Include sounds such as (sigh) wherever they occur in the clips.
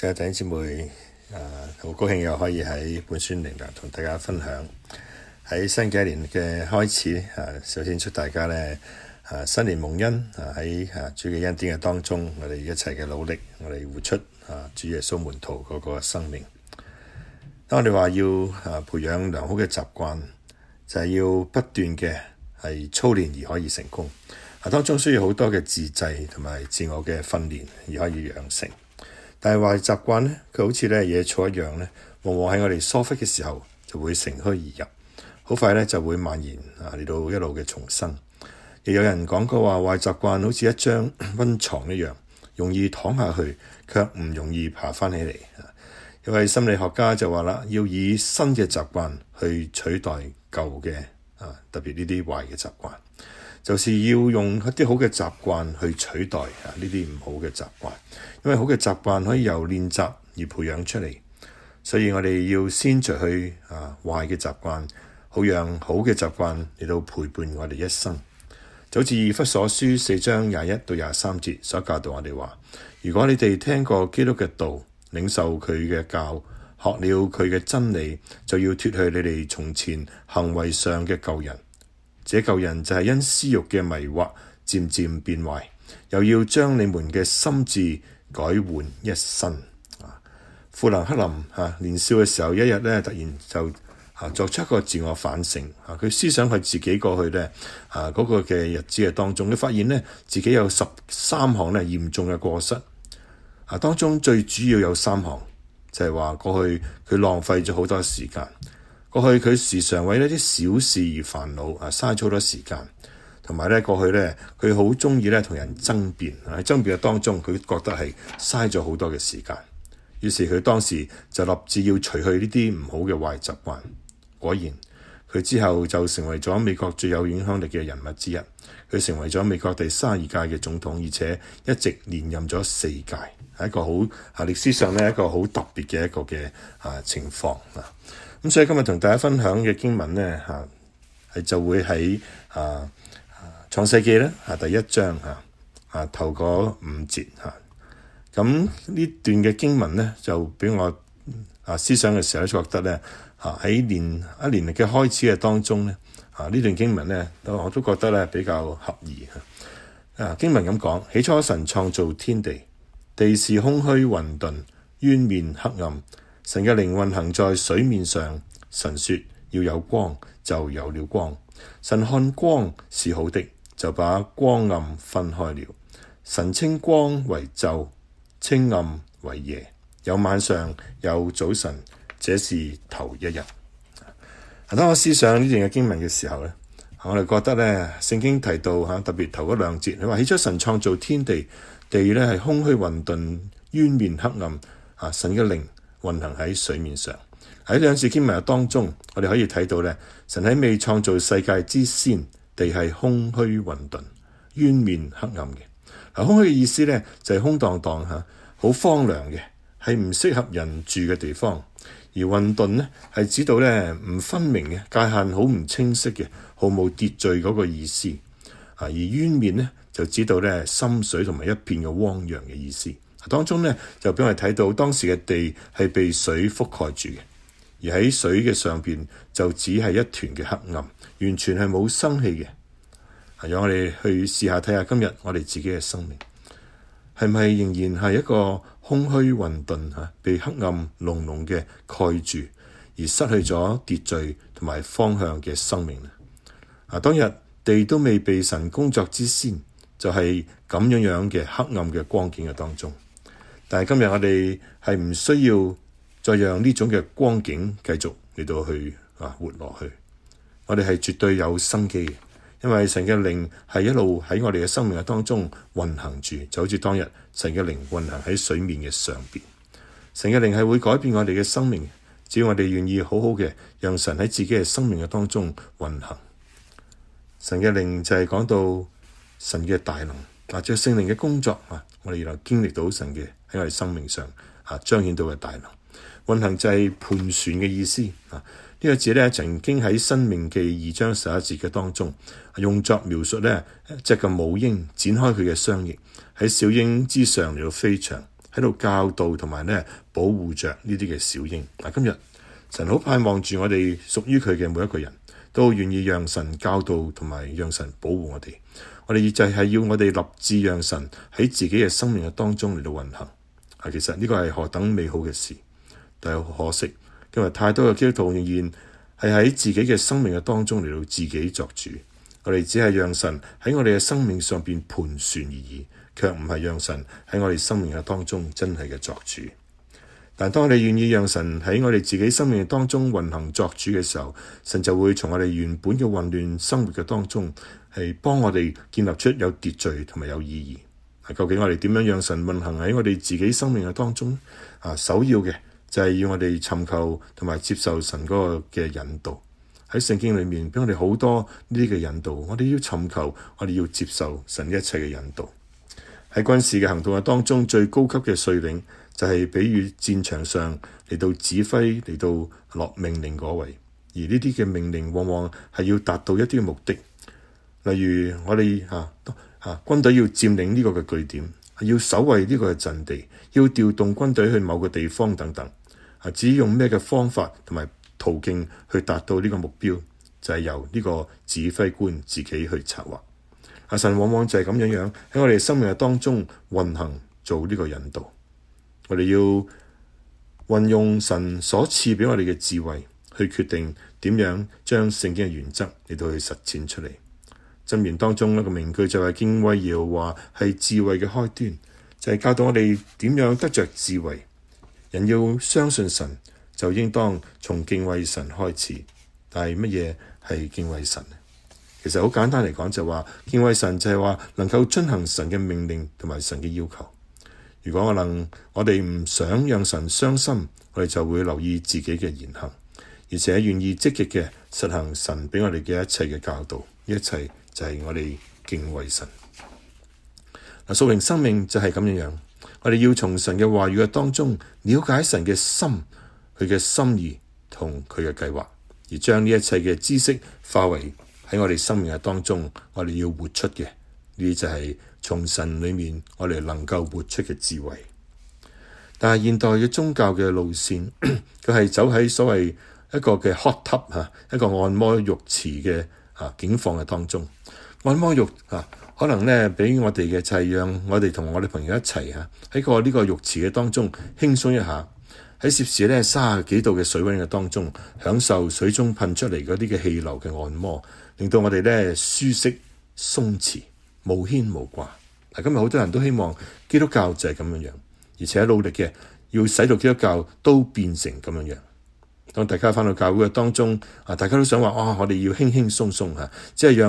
謝弟兄姐妹，啊，好高興又可以喺本宣靈堂同大家分享喺新嘅一年嘅開始，啊，首先祝大家咧，啊，新年蒙恩，啊喺啊主嘅恩典嘅當中，我哋一齊嘅努力，我哋活出啊主耶穌門徒嗰個生命。當我哋話要啊培養良好嘅習慣，就係、是、要不斷嘅係操練而可以成功，啊，當中需要好多嘅自制同埋自我嘅訓練而可以養成。但係壞習慣咧，佢好似咧野草一樣咧，往往喺我哋疏忽嘅時候就會乘虛而入，好快咧就會蔓延啊嚟到一路嘅重生。亦有人講過話，壞習慣好似一張温床一樣，容易躺下去，卻唔容易爬返起嚟。有位心理學家就話啦，要以新嘅習慣去取代舊嘅啊，特別呢啲壞嘅習慣。就是要用一啲好嘅習慣去取代啊呢啲唔好嘅習慣，因為好嘅習慣可以由練習而培養出嚟，所以我哋要先除去啊壞嘅習慣，好讓好嘅習慣嚟到陪伴我哋一生。就好似《以弗所書》四章廿一到廿三節所教導我哋話：如果你哋聽過基督嘅道，領受佢嘅教，學了佢嘅真理，就要脫去你哋從前行為上嘅舊人。這舊人就係因私欲嘅迷惑，漸漸變壞，又要將你們嘅心智改換一新。富蘭克林吓、啊、年少嘅時候，一日咧突然就吓、啊、作出一個自我反省，吓、啊、佢思想佢自己過去咧吓嗰個嘅日子啊當中，佢發現咧自己有十三項咧嚴重嘅過失，吓、啊、當中最主要有三項，就係、是、話，過去佢浪費咗好多時間。過去佢時常為呢啲小事而煩惱，啊嘥咗好多時間，同埋咧過去咧佢好中意咧同人爭辯啊。喺爭辯嘅當中，佢覺得係嘥咗好多嘅時間，於是佢當時就立志要除去呢啲唔好嘅壞習慣。果然佢之後就成為咗美國最有影響力嘅人物之一。佢成為咗美國第三二屆嘅總統，而且一直連任咗四屆，係一個好啊歷史上咧一個好特別嘅一個嘅啊情況啊。咁所以今日同大家分享嘅經文咧，吓係就會喺啊創世記咧，吓第一章吓啊頭嗰五節吓。咁、啊、呢段嘅經文咧，就俾我啊思想嘅時候咧，就覺得咧吓喺年一年嘅開始嘅當中咧，吓、啊、呢段經文咧，我都覺得咧比較合宜。啊經文咁講，起初神創造天地，地是空虛混沌，淵面黑暗。神嘅靈運行在水面上，神說要有光，就有了光。神看光是好的，就把光暗分開了。神稱光為晝，稱暗為夜。有晚上，有早晨，這是頭一日。嗱、啊，當我思想呢段嘅經文嘅時候咧，我哋覺得咧，聖經提到吓、啊，特別頭嗰兩節，你話起初神創造天地，地咧係空虛混沌，淵面黑暗。吓、啊，神嘅靈。運行喺水面上。喺兩次經文當中，我哋可以睇到咧，神喺未創造世界之先，地係空虛混沌、淵面黑暗嘅。嗱，空虛嘅意思咧就係、是、空蕩蕩嚇，好荒涼嘅，係唔適合人住嘅地方，而混沌咧係指到咧唔分明嘅界限，好唔清晰嘅，毫無秩序嗰個意思。啊，而淵面咧就指到咧深水同埋一片嘅汪洋嘅意思。當中呢，就俾我哋睇到當時嘅地係被水覆蓋住嘅，而喺水嘅上邊就只係一團嘅黑暗，完全係冇生氣嘅。讓我哋去試下睇下，今日我哋自己嘅生命係咪仍然係一個空虛混沌吓、啊，被黑暗濃濃嘅蓋住，而失去咗秩序同埋方向嘅生命呢？啊，當日地都未被神工作之先，就係、是、咁樣樣嘅黑暗嘅光景嘅當中。但係今日我哋係唔需要再讓呢種嘅光景繼續嚟到去、啊、活落去，我哋係絕對有生機嘅，因為神嘅靈係一路喺我哋嘅生命嘅當中運行住，就好似當日神嘅靈運行喺水面嘅上邊，神嘅靈係會改變我哋嘅生命，只要我哋願意好好嘅讓神喺自己嘅生命嘅當中運行，神嘅靈就係講到神嘅大能。嗱，做聖靈嘅工作啊，我哋原來經歷到神嘅喺我哋生命上啊彰顯到嘅大能，運行就係盤旋嘅意思啊。呢、這個字咧，曾經喺《申命記》二章十一節嘅當中，用作描述咧隻個母鷹展開佢嘅雙翼，喺小鷹之上嚟到飛翔，喺度教導同埋咧保護着呢啲嘅小鷹。嗱，今日神好盼望住我哋屬於佢嘅每一個人都願意讓神教導同埋讓神保護我哋。我哋就係要我哋立志讓神喺自己嘅生命嘅當中嚟到運行，其實呢個係何等美好嘅事，但係好可惜，因為太多嘅基督徒仍然係喺自己嘅生命嘅當中嚟到自己作主，我哋只係讓神喺我哋嘅生命上面盤旋而已，卻唔係讓神喺我哋生命嘅當中真係嘅作主。但當你願意讓神喺我哋自己生命當中運行作主嘅時候，神就會從我哋原本嘅混亂生活嘅當中，係幫我哋建立出有秩序同埋有意義。啊，究竟我哋點樣讓神運行喺我哋自己生命嘅當中？啊，首要嘅就係要我哋尋求同埋接受神嗰個嘅引導。喺聖經裏面畀我哋好多呢啲嘅引導，我哋要尋求，我哋要接受神一切嘅引導。喺軍事嘅行動啊當中，最高級嘅帥領就係，比如戰場上嚟到指揮嚟到落命令嗰位。而呢啲嘅命令往往係要達到一啲嘅目的，例如我哋吓吓軍隊要佔領呢個嘅據點，要守衛呢個嘅陣地，要調動軍隊去某個地方等等。啊，至於用咩嘅方法同埋途徑去達到呢個目標，就係由呢個指揮官自己去策劃。阿神往往就係咁樣樣喺我哋生命當中運行做呢個引導，我哋要運用神所賜畀我哋嘅智慧去決定點樣將聖經嘅原則嚟到去實踐出嚟。箴言當中一個名句就係敬畏耶和華係智慧嘅開端，就係、是、教導我哋點樣得着智慧。人要相信神，就應當從敬畏神開始。但係乜嘢係敬畏神？其實好簡單嚟講，就係話敬畏神就係話能夠遵行神嘅命令同埋神嘅要求。如果我能我哋唔想讓神傷心，我哋就會留意自己嘅言行，而且願意積極嘅實行神畀我哋嘅一切嘅教導。呢一切就係我哋敬畏神嗱。屬靈生命就係咁樣樣，我哋要從神嘅話語嘅當中了解神嘅心，佢嘅心意同佢嘅計劃，而將呢一切嘅知識化為。喺我哋生命嘅當中，我哋要活出嘅呢啲就係從神裏面我哋能夠活出嘅智慧。但係現代嘅宗教嘅路線，佢係 (coughs) 走喺所謂一個嘅 hot tub 啊，一個按摩浴池嘅啊境況嘅當中。按摩浴啊，可能咧俾我哋嘅就係讓我哋同我哋朋友一齊啊，喺個呢個浴池嘅當中輕鬆一下，喺攝氏咧三啊幾度嘅水溫嘅當中，享受水中噴出嚟嗰啲嘅氣流嘅按摩。令到我哋咧舒適鬆弛，無牽無掛。今日好多人都希望基督教就係咁樣樣，而且努力嘅要使到基督教都變成咁樣樣。當大家翻到教會嘅當中，啊，大家都想話，哇、哦，我哋要輕輕鬆鬆吓，即係讓我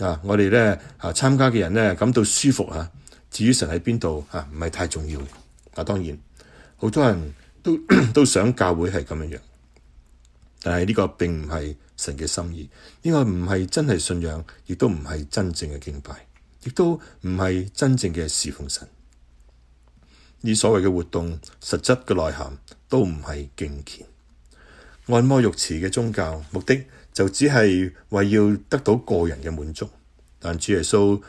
呢啊我哋咧啊參加嘅人咧感到舒服吓、啊。至於神喺邊度吓，唔、啊、係太重要。啊，當然好多人都咳咳都想教會係咁樣樣。但係呢個並唔係神嘅心意，呢個唔係真係信仰，亦都唔係真正嘅敬拜，亦都唔係真正嘅侍奉神。呢所謂嘅活動，實質嘅內涵都唔係敬虔。按摩浴池嘅宗教目的就只係為要得到個人嘅滿足。但主耶穌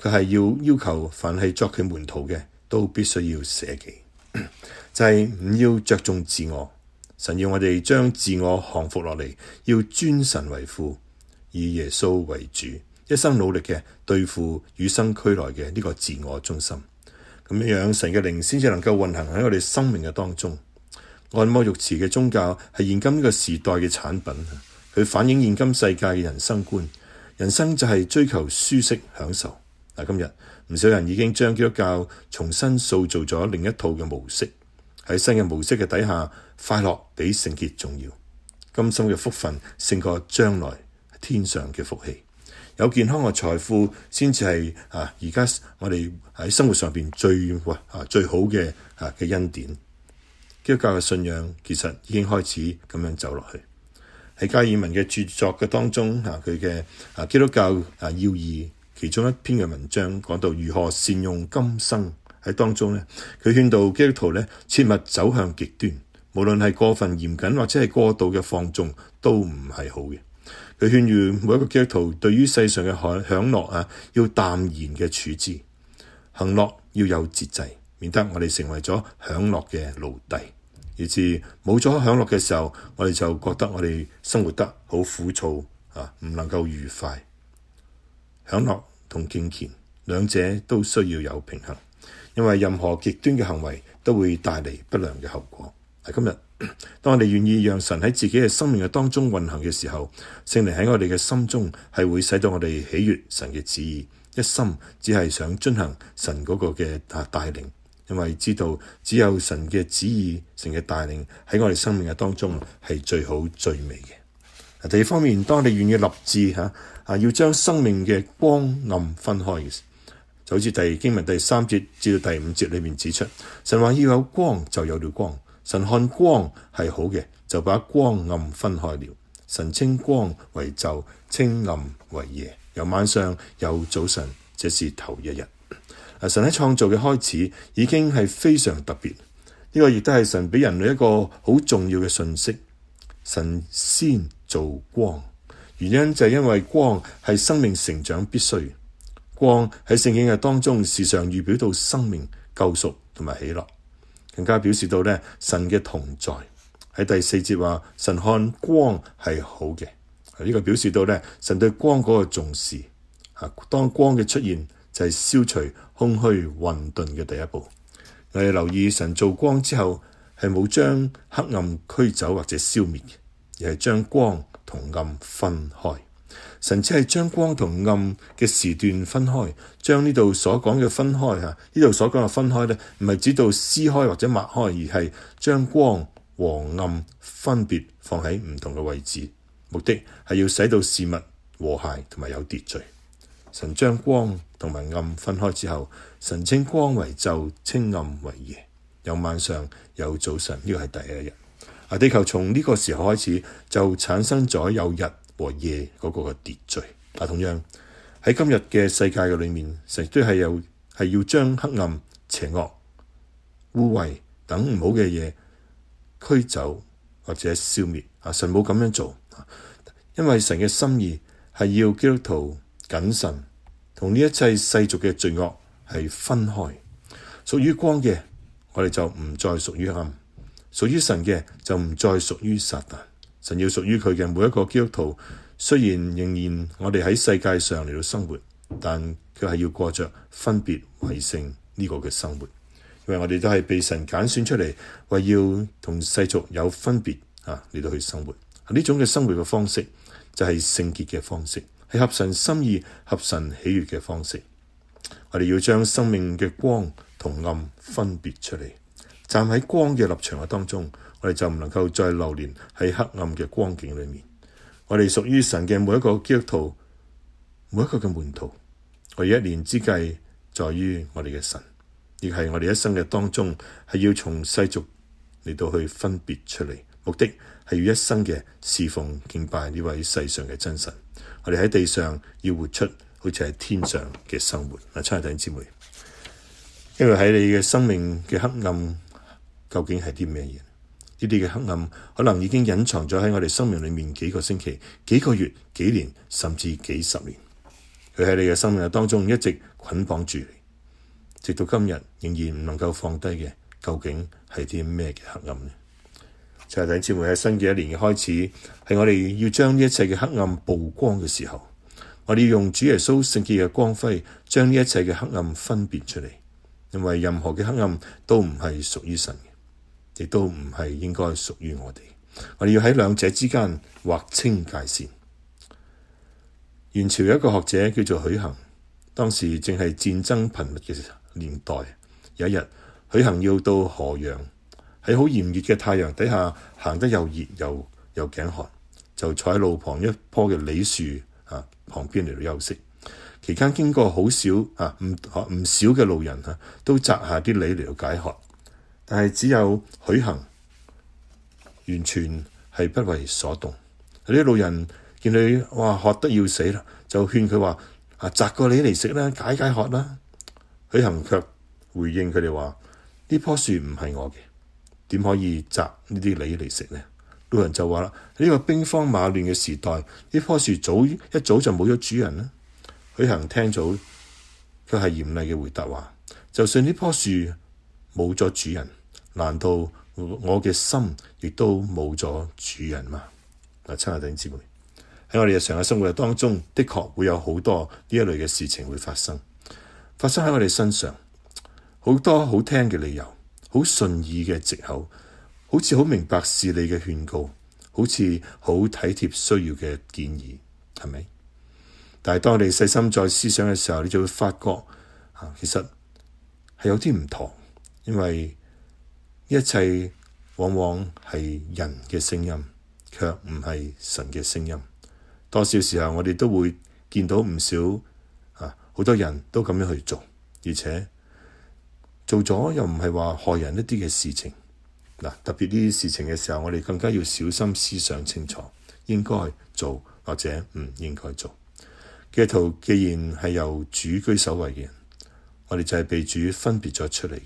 佢係要要求凡係作佢門徒嘅，都必須要捨己， (coughs) 就係、是、唔要着重自我。神要我哋將自我降服落嚟，要尊神為父，以耶穌為主，一生努力嘅對付與生俱來嘅呢個自我中心。咁樣神嘅靈先至能夠運行喺我哋生命嘅當中。按摩浴池嘅宗教係現今呢個時代嘅產品，佢反映現今世界嘅人生觀。人生就係追求舒適享受。嗱，今日唔少人已經將基督教重新塑造咗另一套嘅模式。喺新嘅模式嘅底下，快樂比聖潔重要。今生嘅福分勝過將來天上嘅福氣。有健康嘅財富，先至係啊！而家我哋喺生活上面最、啊、最好嘅、啊、恩典。基督教嘅信仰其實已經開始咁樣走落去。喺加爾文嘅著作嘅當中啊，佢嘅、啊、基督教、啊、要義其中一篇嘅文章，講到如何善用今生。喺當中呢佢勸導基督徒呢，切勿走向極端，無論係過分嚴謹或者係過度嘅放縱，都唔係好嘅。佢勸喻每一個基督徒對於世上嘅享享樂啊，要淡然嘅處置，享樂要有節制，免得我哋成為咗享樂嘅奴隸。以致冇咗享樂嘅時候，我哋就覺得我哋生活得好枯燥啊，唔能夠愉快。享樂同敬虔兩者都需要有平衡。因為任何極端嘅行為都會帶嚟不良嘅後果。今日，當我哋願意讓神喺自己嘅生命嘅當中運行嘅時候，聖靈喺我哋嘅心中係會使到我哋喜悅神嘅旨意，一心只係想遵行神嗰個嘅帶領。因為知道只有神嘅旨意、神嘅帶領喺我哋生命嘅當中係最好最美嘅。第二方面，當你哋願意立志吓，啊，要將生命嘅光暗分開嘅。就好似《第經文》第三節至到第五節裏面指出，神話要有光就有了光，神看光係好嘅，就把光暗分開了。神稱光為晝，稱暗為夜。有晚上，有早晨，這是頭一日。神喺創造嘅開始已經係非常特別，呢個亦都係神畀人類一個好重要嘅信息。神先造光，原因就係因為光係生命成長必須。光喺聖經嘅當中時常預表到生命救贖同埋喜樂，更加表示到咧神嘅同在。喺第四節話，神看光係好嘅，呢、這個表示到咧神對光嗰個重視吓。當光嘅出現就係消除空虛混沌嘅第一步。我哋留意神造光之後係冇將黑暗驅走或者消滅嘅，而係將光同暗分開。神只係將光同暗嘅時段分開，將呢度所講嘅分開吓，呢度所講嘅分開咧，唔係指到撕開或者抹開，而係將光和暗分別放喺唔同嘅位置。目的係要使到事物和諧同埋有秩序。神將光同埋暗分開之後，神稱光為晝，稱暗為夜。有晚上，有早晨，呢個係第一日。啊，地球從呢個時候開始就產生咗有日和夜嗰個嘅秩序，啊，同樣喺今日嘅世界嘅裏面，神都係有係要將黑暗、邪惡、污穢等唔好嘅嘢驅走或者消滅。啊，神冇咁樣做，啊，因為神嘅心意係要基督徒謹慎，同呢一切世俗嘅罪惡係分開，屬於光嘅，我哋就唔再屬於暗；屬於神嘅就唔再屬於撒但。神要屬於佢嘅每一個基督徒，雖然仍然我哋喺世界上嚟到生活，但佢係要過着分別為聖呢個嘅生活，因為我哋都係被神揀選出嚟，為要同世俗有分別啊，嚟到去生活。呢、啊、種嘅生活嘅方式就係聖潔嘅方式，係、就是、合神心意、合神喜悅嘅方式。我哋要將生命嘅光同暗分別出嚟，站喺光嘅立場嘅當中。我哋就唔能夠再流連喺黑暗嘅光景裏面。我哋屬於神嘅每一個基督徒，每一個嘅門徒。我哋一年之計在於我哋嘅神，亦係我哋一生嘅當中係要從世俗嚟到去分別出嚟，目的係要一生嘅侍奉敬拜呢位世上嘅真神。我哋喺地上要活出好似係天上嘅生活。嗱，親愛弟兄姊妹，因為喺你嘅生命嘅黑暗，究竟係啲咩嘢？呢啲嘅黑暗可能已經隱藏咗喺我哋生命裏面幾個星期、幾個月、幾年甚至幾十年，佢喺你嘅生命當中一直捆綁住你，直到今日仍然唔能夠放低嘅，究竟係啲咩嘅黑暗呢？就係等教會喺新嘅一年嘅開始，係我哋要將呢一切嘅黑暗曝光嘅時候，我哋要用主耶穌聖潔嘅光輝，將呢一切嘅黑暗分別出嚟，因為任何嘅黑暗都唔係屬於神。亦都唔係應該屬於我哋，我哋要喺兩者之間劃清界線。元朝有一個學者叫做許衡，當時正係戰爭頻密嘅年代。有一日，許衡要到河陽，喺好炎熱嘅太陽底下行得又熱又又頸渴，就坐喺路旁一棵嘅梨樹啊旁邊嚟到休息。期間經過好少啊唔唔、啊、少嘅路人啊，都摘下啲梨嚟到解渴。但係只有許衡完全係不為所動。啲老人見佢哇渴得要死啦，就勸佢話：啊，摘個梨嚟食啦，解解渴啦。許衡卻回應佢哋話：呢棵樹唔係我嘅，點可以摘呢啲梨嚟食呢？路人就話啦：呢、這個兵荒馬亂嘅時代，呢棵樹早一早就冇咗主人啦。許衡聽咗，佢係嚴厲嘅回答話：就算呢棵樹冇咗主人。難道我嘅心亦都冇咗主人嘛？嗱，親愛弟兄姊妹，喺我哋日常嘅生活當中，的確會有好多呢一類嘅事情會發生，發生喺我哋身上，好多好聽嘅理由，好順意嘅藉口，好似好明白事理嘅勸告，好似好體貼需要嘅建議，係咪？但係當你細心再思想嘅時候，你就會發覺啊，其實係有啲唔妥，因為。一切往往係人嘅聲音，卻唔係神嘅聲音。多少時候我哋都會見到唔少啊，好多人都咁樣去做，而且做咗又唔係話害人一啲嘅事情。嗱，特別呢啲事情嘅時候，我哋更加要小心思想清楚，應該做或者唔應該做。基督徒既然係由主居首位嘅人，我哋就係被主分別咗出嚟嘅。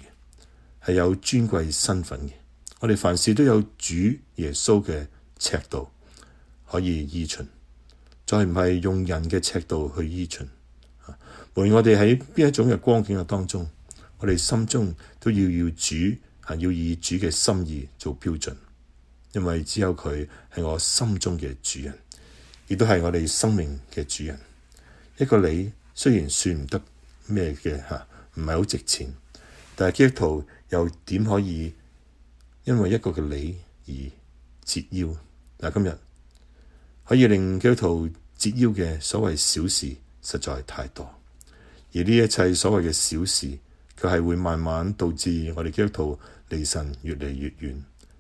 係有尊貴身份嘅，我哋凡事都有主耶穌嘅尺度可以依循，再唔係用人嘅尺度去依循。無論我哋喺邊一種嘅光景嘅當中，我哋心中都要要主，吓要以主嘅心意做標準，因為只有佢係我心中嘅主人，亦都係我哋生命嘅主人。一個你雖然算唔得咩嘅吓，唔係好值錢。但係基督徒又點可以因為一個嘅你而折腰？嗱，今日可以令基督徒折腰嘅所謂小事實在太多，而呢一切所謂嘅小事，佢係會慢慢導致我哋基督徒離神越嚟越遠，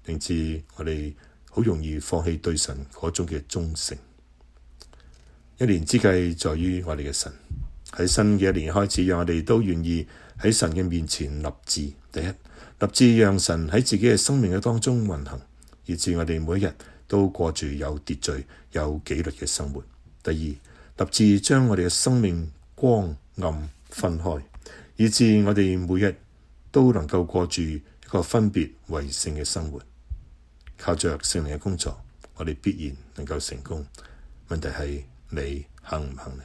令至我哋好容易放棄對神嗰種嘅忠誠。一年之計在於我哋嘅神。喺新嘅一年開始，讓我哋都願意喺神嘅面前立志。第一，立志讓神喺自己嘅生命嘅當中運行，以致我哋每日都過住有秩序、有紀律嘅生活。第二，立志將我哋嘅生命光暗分開，以致我哋每日都能夠過住一個分別為聖嘅生活。靠着聖靈嘅工作，我哋必然能夠成功。問題係你肯唔肯呢？